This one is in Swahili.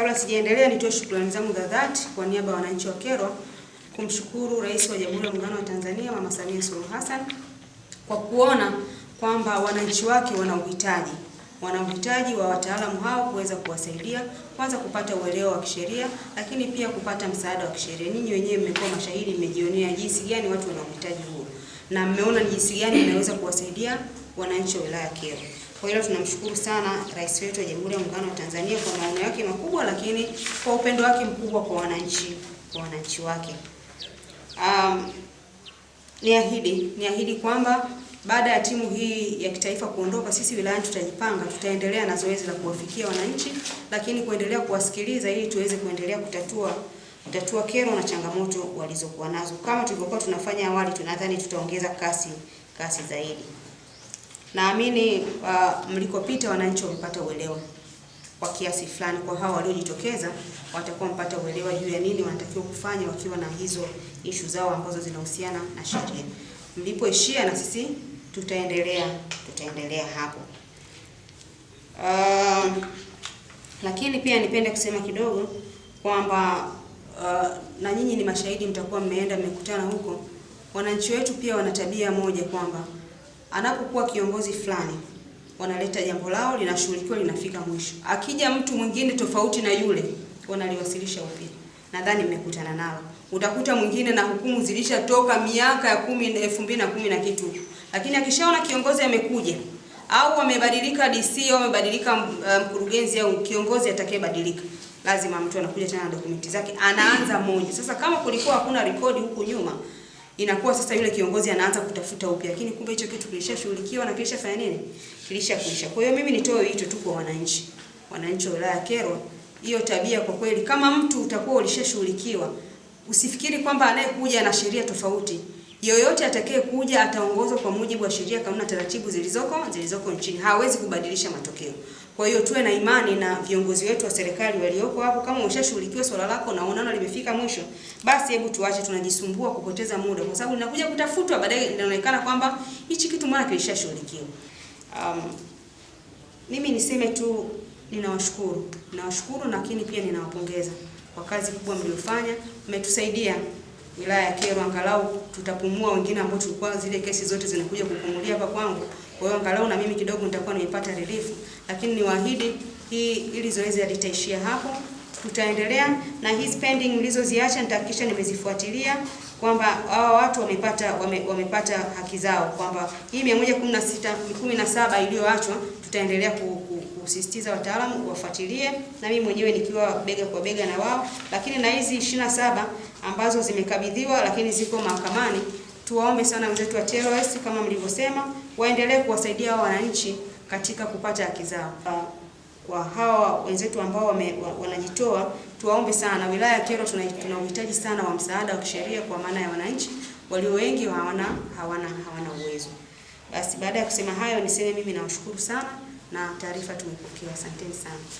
Kabla sijaendelea, nitoe shukrani zangu za dhati kwa niaba ya wananchi wa Kyerwa kumshukuru Rais wa Jamhuri ya Muungano wa Tanzania Mama Samia Suluhu Hassan kwa kuona kwamba wananchi wake wana uhitaji wana uhitaji wa wataalamu hao kuweza kuwasaidia kwanza kupata uelewa wa kisheria, lakini pia kupata msaada wa kisheria. Ninyi wenyewe mmekuwa mashahidi, mmejionea jinsi gani watu wana uhitaji huo na mmeona ni jinsi gani inaweza kuwasaidia wananchi wa wilaya ya Kyerwa. Kwa hilo tunamshukuru sana rais wetu wa Jamhuri ya Muungano wa Tanzania kwa maono yake makubwa, lakini kwa upendo wake mkubwa kwa wananchi kwa wananchi wake. Um, niahidi niahidi kwamba baada ya timu hii ya kitaifa kuondoka, sisi wilayani tutajipanga, tutaendelea na zoezi la kuwafikia wananchi, lakini kuendelea kuwasikiliza ili tuweze kuendelea kutatua kutatua kero na changamoto walizokuwa nazo. Kama tulivyokuwa tunafanya awali, tunadhani tutaongeza kasi kasi zaidi. Naamini uh, mlikopita wananchi wamepata uelewa kwa kiasi fulani. Kwa hao waliojitokeza, watakuwa wamepata uelewa juu ya nini wanatakiwa kufanya wakiwa na hizo ishu zao ambazo zinahusiana na sheria. Mlipoishia na sisi tutaendelea, tutaendelea hapo. Uh, lakini pia nipende kusema kidogo kwamba uh, na nyinyi ni mashahidi, mtakuwa mmeenda mmekutana huko. Wananchi wetu pia wana tabia moja kwamba Anapokuwa kiongozi fulani, wanaleta jambo lao, linashughulikiwa, linafika mwisho. Akija mtu mwingine tofauti na yule, wanaliwasilisha upya. Nadhani mmekutana nalo. Utakuta mwingine na hukumu zilishatoka miaka ya kumi, elfu mbili na kumi na kitu, lakini akishaona kiongozi amekuja au amebadilika DC au amebadilika um, mkurugenzi um, au kiongozi atakayebadilika, lazima mtu anakuja tena na dokumenti zake, anaanza moja. Sasa kama kulikuwa hakuna rekodi huku nyuma inakuwa sasa yule kiongozi anaanza kutafuta upya, lakini kumbe hicho kitu kilishashughulikiwa na kilishafanya nini, kilishakwisha. Kwa hiyo mimi nitoe wito tu kwa wananchi, wananchi wa wilaya ya Kyerwa, hiyo tabia kwa kweli, kama mtu utakuwa ulishashughulikiwa, usifikiri kwamba anayekuja na sheria tofauti. Yoyote atakaye kuja ataongozwa kwa mujibu wa sheria, kanuni na taratibu zilizoko zilizoko nchini, hawezi kubadilisha matokeo. Kwa hiyo tuwe na imani na viongozi wetu wa serikali walioko hapo. Kama umeshashughulikiwa swala lako na unaona limefika mwisho, basi hebu tuache, tunajisumbua kupoteza muda, kwa sababu linakuja kutafutwa baadaye, inaonekana kwamba hichi kitu mwana kilishashughulikiwa. Um, mimi niseme tu ninawashukuru, ninawashukuru lakini pia ninawapongeza kwa kazi kubwa mliofanya, mmetusaidia wilaya ya Kyerwa, angalau tutapumua wengine ambao tulikuwa zile kesi zote zinakuja kupumulia hapa kwangu. Kwa hiyo angalau na mimi kidogo nitakuwa nimepata relief, lakini niwaahidi hii ili zoezi halitaishia hapo tutaendelea na hii spending mlizoziacha, nitahakikisha nimezifuatilia kwamba hawa watu wamepata wame, wamepata haki zao, kwamba hii 116 17 iliyoachwa tutaendelea kusisitiza wataalamu wafuatilie, na mimi mwenyewe nikiwa bega kwa bega na wao, lakini na hizi 27 ambazo zimekabidhiwa lakini ziko mahakamani, tuwaombe sana wenzetu wa TLS kama mlivyosema, waendelee kuwasaidia wananchi katika kupata haki zao kwa hawa wenzetu ambao wame, wanajitoa, tuwaombe sana. Wilaya ya Kyerwa tuna uhitaji sana wa msaada wa kisheria kwa maana ya wananchi walio wengi hawana hawana hawana uwezo. Basi baada ya kusema hayo, niseme mimi nawashukuru sana na taarifa tumepokea. Asanteni sana.